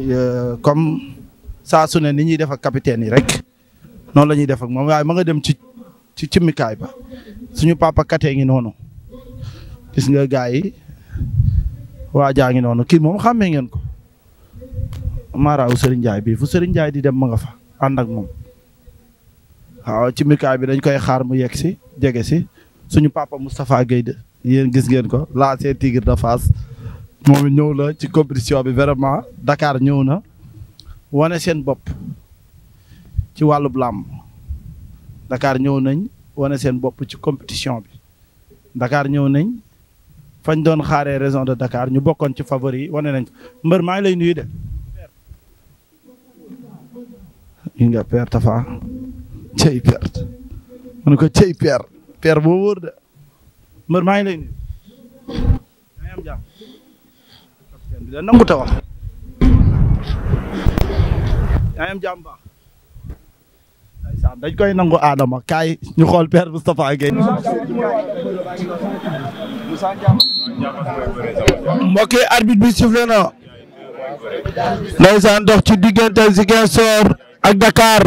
Euh, comme saa su ne ni ñuy def ak capitaine yi rek noonu la ñuy def moom waaye ma nga dem ci ci cimmikaay ba suñu papa katee ngi noonu gis nga gars yi waa jaa ngi noonu kii moom xàmmee ngeen ko maaraawu Serigne Ndiaye bi fu Serigne Ndiaye di dem ma nga fa ànd ak moom waaw cimmikaay bi dañ koy xaar mu yegg si jege si suñu papa Moustapha Guèye de yéen gis ngeen ko laasee Tigre de Fass moom it ñëw la ci compétition bi vraiment Dakar ñëw na wane seen bopp ci wàllub làmb Dakar ñëw nañ wane seen bopp ci compétition bi Dakar ñëw nañ fañ doon xaaree raison de Dakar ñu bokkoon ci favori yi wane nañ mbër maa ngi lay nuyu de. ñu nga Père Tafa cey perte mu ko cey père père boo de mbër maa ngi lay nuyu. sëñ nangu ta dañ koy nangu Adama kay ñu xool père Moustapha Gueye mbokki arbitre bi sifflé na ndeysaan dox ci diggante Ziguinchor ak Dakar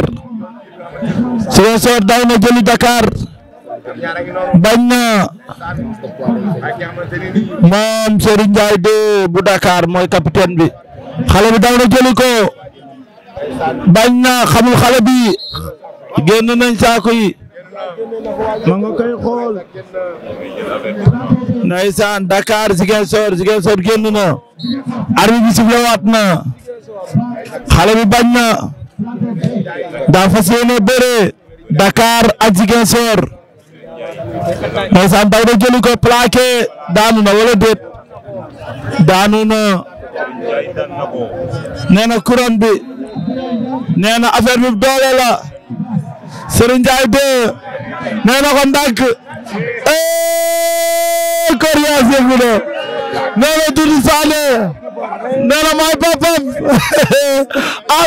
Ziguinchor daw na jëli Dakar bañ na moom Serigne Ndiaye de bu Dakar mooy capitaine bi xale bi daw na jëli ko bañ na xamul xale bi génn nañ saako yi ma nga koy xool ndeysaan Dakar Ziguinchor Ziguinchor génn na arbi bi sifle waat na xale bi bañ na daa fas yéene bëre Dakar ak Ziguinchor ndeysaan daw na jëli ko plaqué daanu na wala déet daanu na nee na couronne bi bi doole la Serigne Ndiaye de nee na ee coriace yëf bi de nee na Doudou Sané nee na maay ah,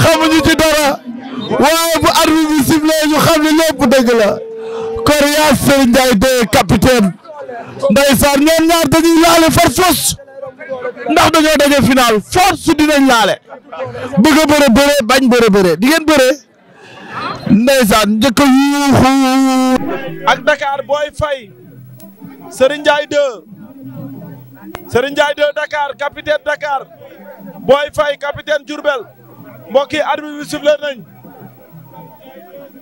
xamuñu ci dara waaye bu arbitre bi sifflee ñu xam ne lépp dëgg la Coriace Serigne Ndiaye de capitaine ndeysaan ñoom ñaar dañuy laale far force ndax dañoo daje final force dinañ laale bëgg a bëre bañ bëre bëre di ngeen bëre ndeysaan njëkk a yuuxu ak Dakar Boy Faye Serigne Ndiaye 2 Serigne Ndiaye 2 Dakar capitaine Dakar Boy Faye capitaine Diourbel mbokk yi arbitre nañ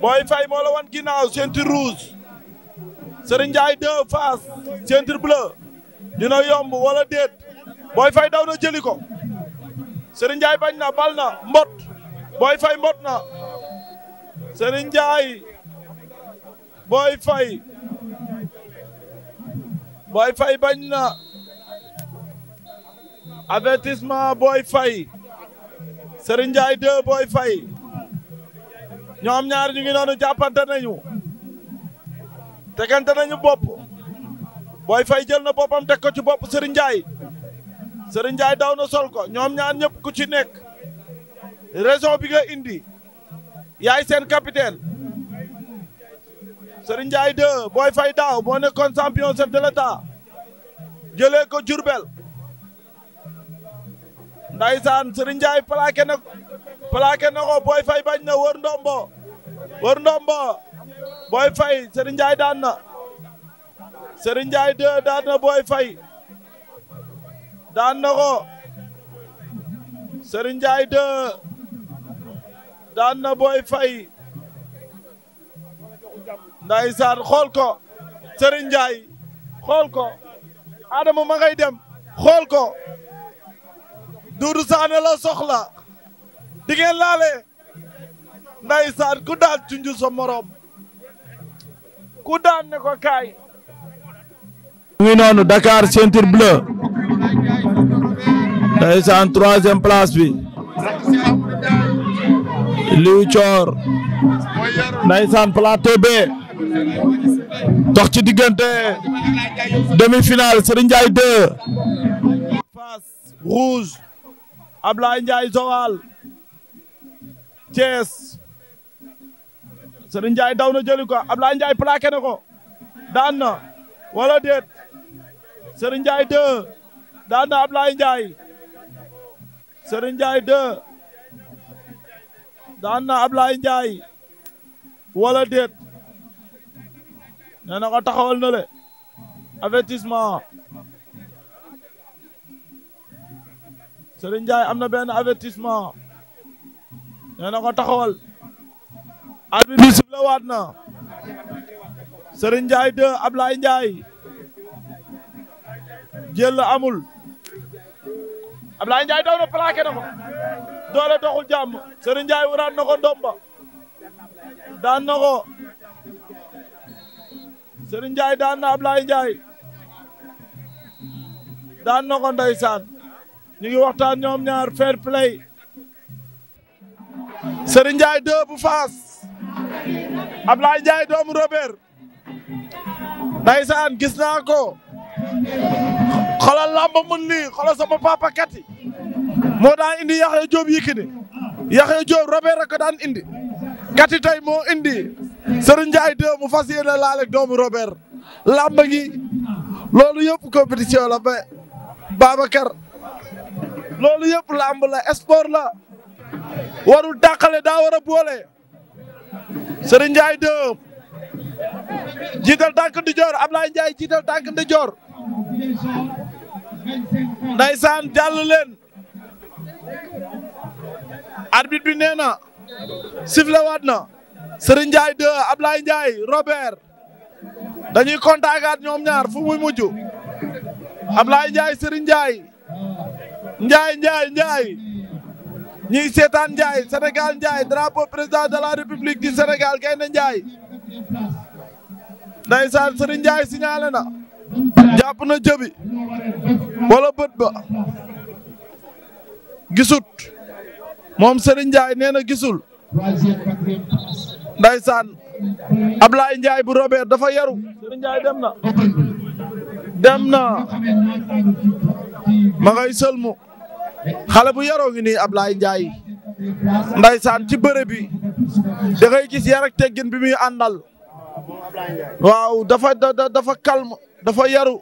Boy Faye moo wan ginnaaw ceinture rouge Serigne Ndiaye 2 Fass centre bleu dina yomb wala déet Boy Faye daw na jëli ko Serigne Ndiaye bañ na bal na mbot Boy fay mbot na Serigne Ndiaye Boy Faye Boy bañ na avertissement Boy Faye Serigne Ndiaye 2 Boy Faye ñoom ñaar ñu ngi noonu jàppante nañu tegante nañu bopp Boy Faye jël na boppam teg ko ci bopp Serigne Ndiaye Serigne Ndiaye daw na sol ko ñoom ñaar ñëpp ku ci nekk raison bi nga indi yaay seen capitaine Serigne Ndiaye 2 Boy Faye daaw moo nekkoon champion chef de jëlee ko jurbel ndaysaan sa Ndiaye plaqué na plaqué na ko Boy Faye bañ na wër ndombo wër ndombo Boy Faye Serigne daan na Serigne Ndiaye deux daan na Boy fay daan na ko Serigne Ndiaye daan na Boy Faye ndaysaan xool ko Serigne Ndiaye xool ko Adama ma ngay dem xool ko Doudou Sané la soxla di ngeen laale ku daal junju sa morom ku daan ne ko kaay. mu noonu Dakar ceinture bleue. ndeysaan troisième place bi. Liu Thior. ndeysaan plateau B. dox ci diggante demi-finale Serigne Ndiaye 2. Fass Rouge. Ablaye Ndiaye Joal. Serigne Ndiaye daw na jëli ko Ablaye Ndiaye plaqué na ko daan na wala déet Serigne Ndiaye 2 daan na Ablaye Ndiaye Serigne wala déet nee na ko taxawal na le avertissement Serigne Ndiaye am na benn avertissement nee ko taxawal arbitre bi siflé waat na Serigne Ndiaye 2 Ablaye Ndiaye jël amul Ablaye Ndiaye daw na plaqué na doole doxul jàmm Serigne Ndiaye waraat na ko domba daan na ko Serigne daan na Ablaye Ndiaye daan na ko ndeysaan ñu ngi ñoom ñaar fair play Serigne Ndiaye 2 bu faas Ablaye Ndiaye doomu Robert ndaysaan gis naa ko xoolal làmb mun lii xoolal sama papa kati moo daan indi Yaxya Joob Yékini Yaxya Joob Robert rek ko indi kati tey moo indi Serigne Ndiaye deux mu fas yéene laaleeg doomu Robert làmb gi loolu yëpp compétition la ba Babacar loolu yëpp làmb la sport la warul tàqale daa war a boole Serigne Ndiaye 2 jiital tànk di joor Ablaye jiital tànk di joor ndaysaan jàll leen arbitre bi nee na sifflé waat na Serigne Ndiaye 2 Ablaye Ndiaye Robert dañuy kontaagaat ñoom ñaar fu muy mujj Ablaye Ndiaye Serigne Ndiaye Ndiaye Ndiaye Ndiaye ñuy seetaan Ndiaye senegal Ndiaye drapeau président de la république du Sénégal gaynde Ndiaye. Ndeysaan Serigne Ndiaye signalé na. jàpp na jëbi. wala bët ba. gisut. moom Serigne Ndiaye nee na gisul. Ndeysaan Ablaye Ndiaye bu Robert dafa yaru. Serigne Ndiaye dem na. dem xale bu yaroo ngi ablay Ablaye Ndiaye ndaysaan ci bëre bi da ngay gis yar teggin bi muy àndal waaw dafa dafa calme dafa yaru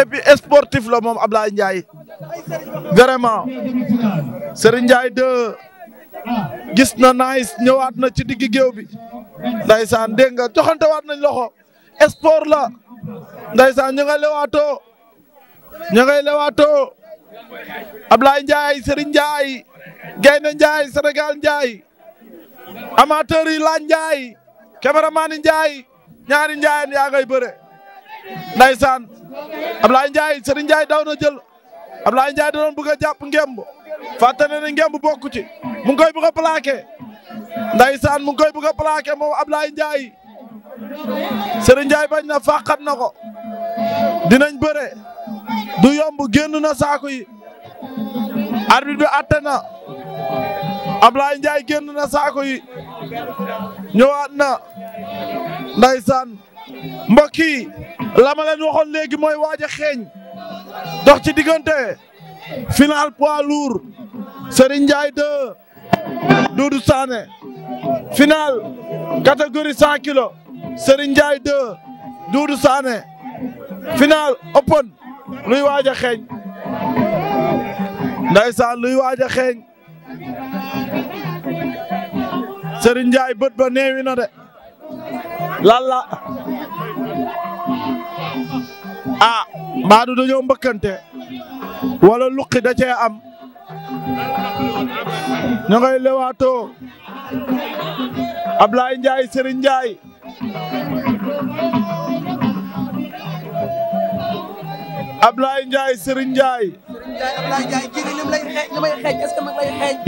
et puis sportif la moom Ablaye Ndiaye vraiment Serigne Ndiaye de gis na nice ñëwaat na ci digg géew bi ndaysaan dégg nga joxante waat nañ loxo sport la ndaysaan ñu nga lewaatoo ñu ngay lewaatoo Ablaye Ndiaye Serigne Ndiaye Gaynde Ndiaye Sénégal Ndiaye amateur yi laaj Ndiaye cameraman yi Ndiaye ñaari Ndiaye yaa ngay bëre ndaysaan Ablaye Ndiaye Serigne Ndiaye daw na jël Ablaye Ndiaye da doon bëgg a jàpp ngemb fàttali ne ngemb bokku ci mu ngi koy bëgg a plaqué ndaysaan mu ngi bañ na fàqat na ko dinañ bëre du yomb génn na saako yi. arbitre bi atte na Ablaye Ndiaye génn na saako yi ñëwaat na ndaysaan mbokk yi la ma leen waxoon léegi mooy waaj xeeñ dox ci diggante final poids lourd Serigne Ndiaye 2 Doudou Sané final catégorie 100 kilos Serigne Ndiaye 2 Doudou Sané final open luy waaj a xeeñ ndeysaan luy waaj a xeeñ Serigne Ndiaye bët ba neewi de lan la ah mbaadu dañoo mbëkkante wala luqi da cee am ñu ngay lewaatoo Ablaye Ndiaye Serigne Ndiaye Ablaye Ndiaye Serigne Ndiaye Ablaye Ndiaye kii ni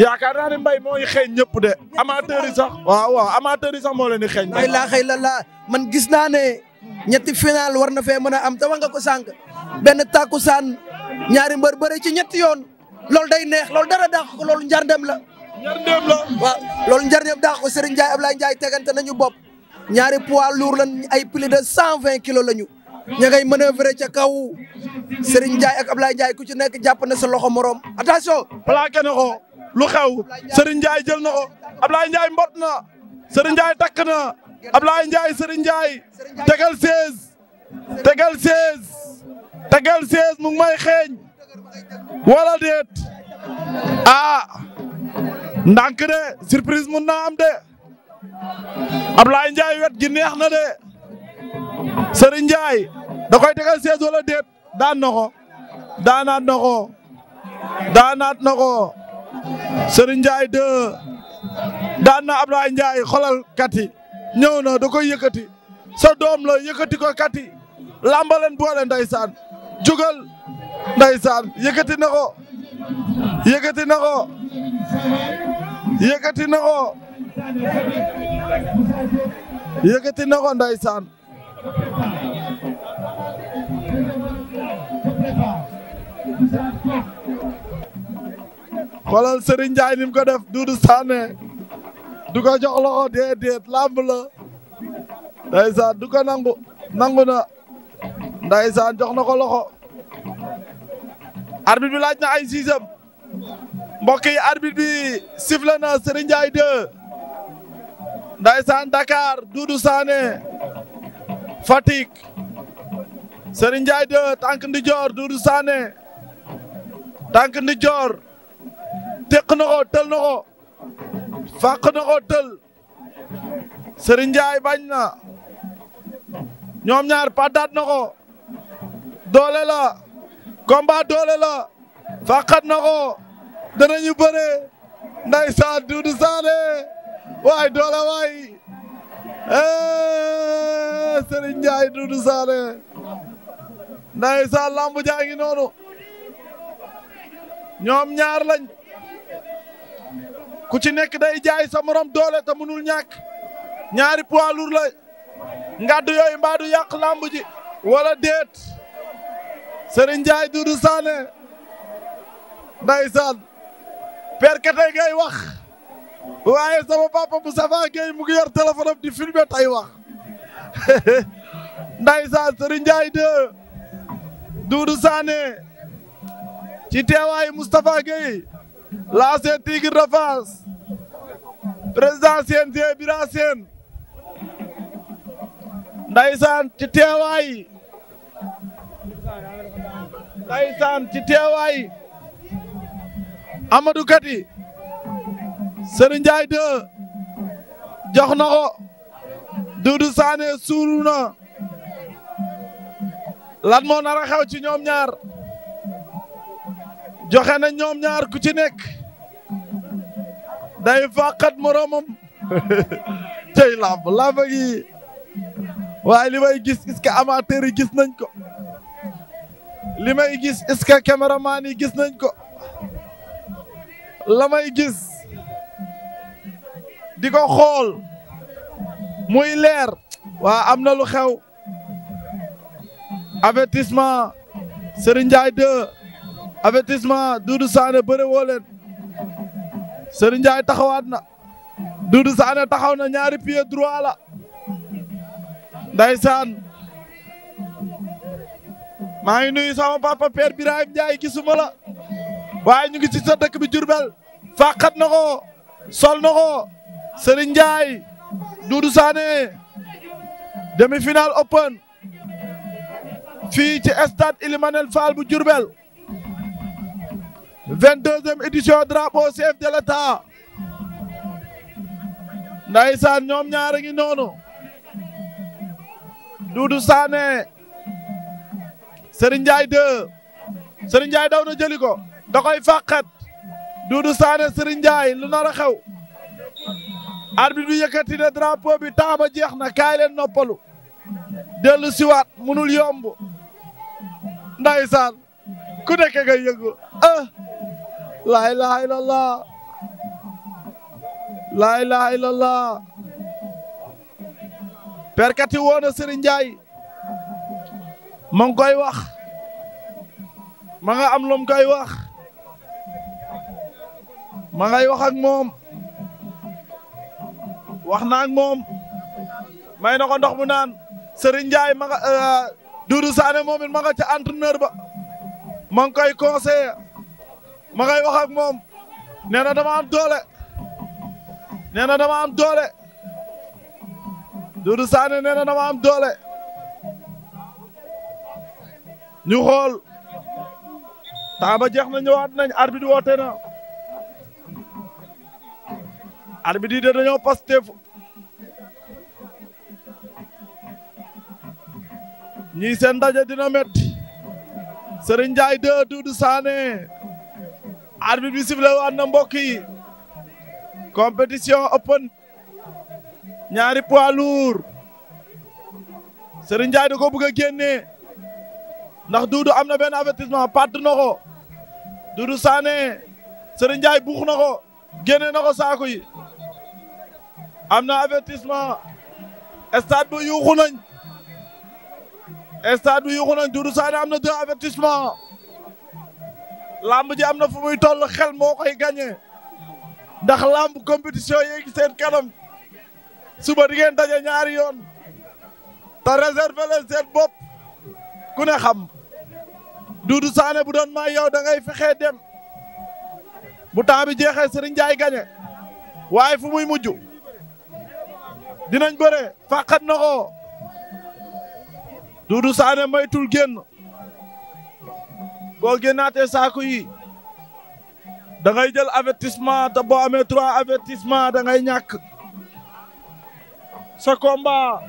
yaakaar naa ne mbay mooy xeeñ ñëpp de amateur yi sax waaw waaw amateur yi sax moo leen di xeeñ. ay laa xëy la laa man gis naa ne ñetti final war na fee mën a am te wax nga ko sànq benn takkusaan ñaari mbër bëre ci ñetti yoon loolu day neex loolu dara dàq ko njar njarndem la. njarndem la wa loolu njarndem dàq ko Serigne Ndiaye Ablaye Ndiaye tegante nañu bop ñaari poids lourd la ay plus de cent vingt kilos lañu. ña ngay manœuvrer ca kaw Serigne Ndiaye ak Ablaye Ndiaye ku ci nekk jàpp na sa loxo morom attention. plaqué na lu xew Serigne Ndiaye jël na ko Ablaye Ndiaye mbot na Serigne Ndiaye takk na Ablaye Ndiaye Serigne Ndiaye tegal 16 tegal mu may xeeñ wala déet ah ndànk surprise mun naa de Ablaye Ndiaye wet gi neex de. Serigne Ndiaye da koy tegal seize wala déet daan na ko daanaat na ko daanaat na ko Serigne Ndiaye daan na Ablaye Ndiaye xolal kati ñëw na da koy yëkkati sa doom la yëkkati ko kati lamba leen boole ndeysaan jugal ndeysaan yëkkati na ko yëkkati na ko yëkkati na ko yëkkati na ko ndeysaan xoolal Serigne Ndiaye ni ko def Doudou Sané du ko jox loxo déedéet làmb la ndeysaan du ko nangu nangu na ndeysaan jox na ko loxo laaj na ay siisam mbokk yi arbitre bi na Serigne Ndiaye 2 ndeysaan Dakar Doudou Sané Fatick Serigne Ndiaye 2 joor Doudou Sané tànk joor teq na ko tël na ko tël Serigne Ndiaye bañ na ñoom ñaar padaat na ko doole la combat doole la fàqat na ko danañu bëre ndeysaan Doudou Sané waay doole waay Serigne Ndiaye Doudou Sané ndeysaan lamb jaa ngi noonu ñoom ñaar lañ ku ci nekk day jaay sa morom doole te mënul ñàkk ñaari poids lourd la ngàddu yooyu mbaa du yàq lamb ji wala déet Serigne Ndiaye Doudou Sané ndeysaan perkatey ngay wax waaye sama papa Moustapha Gueye mu ngi yor téléphone am di filmer tay wax ndaysaan Serigne Ndiaye de Doudou Sané ci teewaayu Moustapha Gueye l'ancien Tigre de Fass président CNG Bira Sène ndaysaan ci teewaay ndaysaan ci teewaay Amadou Kati Serigne Ndiaye 2 jox na ko Doudou Sané suuru na lan moo nar a ci ñoom ñaar joxe na ñoom ñaar ku ci nekk day fàqat moroomam tey làmb làmb gi waaye li may gis est-ce que nañ ko li may gis est-ce que caméraman yi gis nañ ko la may gis di ko xool muy leer waa am na lu xew avertissement Serigne Ndiaye 2 avertissement Doudou Sané bëre woo leen Serigne taxawaat na Doudou saane taxaw na ñaari pied droit la ndaysaan maa ngi nuyu sama papa Père Birahim Ndiaye gisuma la waaye ñu ngi ci sa dëkk bi Diourbel fàqat na ko sol na ko Serigne Ndiaye Doudou Sané demi-finale open fii ci stade Ilimanel Fall bu Diourbel 22e édition drapeau chef de l'État ndaysaan ñoom ñaar noonu Doudou Sané Serigne Ndiaye 2 daw na jëli ko da koy fàqat Doudou Sané Serigne lu nar a xew arbitre bi yëkkati na drapeau bi temps jeex na kaay leen noppalu dellu siwaat munul yomb ndaysaan ku nekk ngay yëngu ah laa ilaha lay laa ilaha illallah perkati woona Serigne Ndiaye ma ngi koy wax ma nga am lu mu koy wax ma ngay waxak moom wax naa ak moom may na ko ndox mu naan Serigne Ndiaye ma nga euh, Doudou Sané moom it ma nga ca entraîneur ba ma ngi koy conseiller ma ngay wax moom nee na dama am doole nee na dama am doole Doudou Sané nee na dama am doole ñu xool temps jeex na ñëwaat nañ arbitre woote na arbitre yi de dañoo Pastef ñii seen ndaje dina metti Serigne Ndiaye 2 Doudou Sané arbitre bi sifflé na mbokk yi compétition open ñaari poids lourds Serigne Ndiaye da ko bëgg a ndax Doudou am na benn avertissement pàtt na ko Doudou Sané Serigne Ndiaye buux na génne na ko saako yi am na avertissement stade bu yuuxu nañ stade bu yuuxu nañ Doudou am na deux avertissement lamb ji am na fu muy toll xel moo koy gagné ndax lamb compétition yeegi seen kanam suba di ngeen daje ñaari yoon ta réserver leen seen bopp ku ne xam Doudou saane bu doon may yow da ngay fexee dem bu temps bi jeexee Serigne Ndiaye gagné waaye fu muy mujj dinañ bëre fàqat na ko Doudou Sané maytul génn boo génnaatee saaku yi da ngay jël avertissement te boo amee trois avertissement da ngay ñàkk sa combat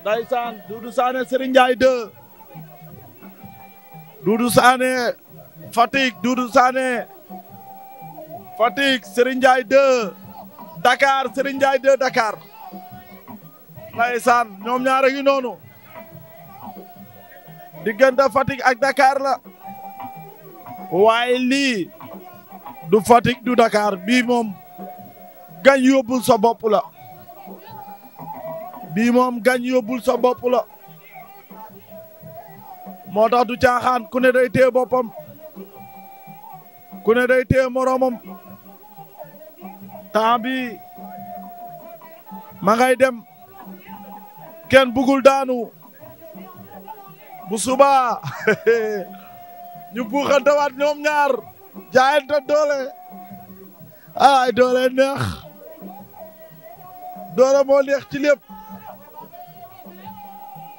ndaysaan Doudou Sané Serigne Ndiaye 2 Doudou Sané Fatick Doudou Sané Fatick Serigne Ndiaye 2 Dakar Serigne Ndiaye 2 Dakar ndeysaan ñoom ñaar a ngi di diggante Fatick ak Dakar la waaye lii du Fatick du Dakar bii moom gañ yóbbul sa bopp la moom gañ yóbbul sa bopp moo tax du caaxaan ku ne day téye boppam ku day téye moroomam temps bi ma ngay dem kenn bugul daanu bu suba ñu buuxantewaat ñoom ñaar jaayante doole ay doole neex doole moo neex ci lépp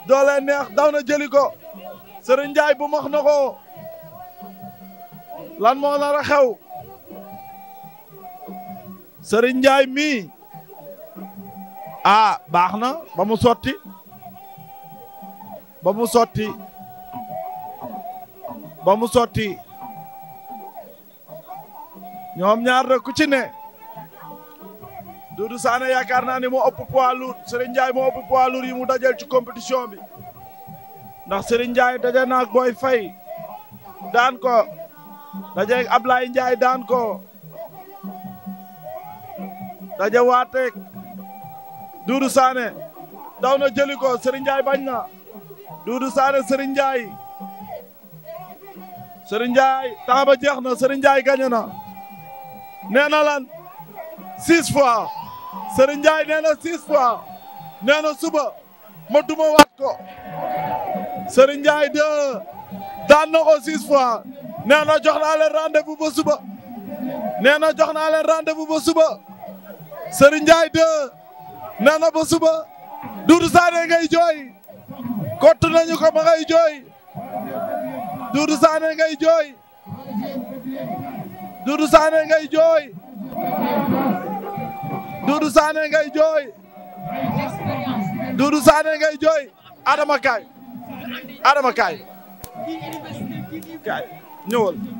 doole neex daw na jëli ko Serigne Ndiaye bu max na ko lan moo nar a xew Serigne Ndiaye mii ah baax na ba mu sotti ba mu sotti ba mu sotti ñoom ñaar rek ku ci ne Doudou Sané yaakaar naa ni moo ëpp poids mu dajal ci compétition bi ndax Serigne Ndiaye daje na ak Boy Faye daan ko daje ak daan ko daja waateeg Doudou Sané daw na jëli ko Serigne Ndiaye bañ na Doudou Sané Serigne Ndiaye Serigne Ndiaye ba jeex na Serigne Ndiaye na nee na lan six fois Serigne Ndiaye nee na six suba ma duma waat ko Serigne Ndiaye deux ko six fois nee na jox naa leen ba suba nee na jox naa leen rendez ba suba Serigne Ndiaye 2 nee na ba suba Doudou Sané ngay jooy kott nañu ko ma ngay jooy Doudou Sané ngay jooy Doudou Sané ngay jooy Doudou Sané ngay jooy Doudou ngay jooy Adama kaay Adama kaay kaay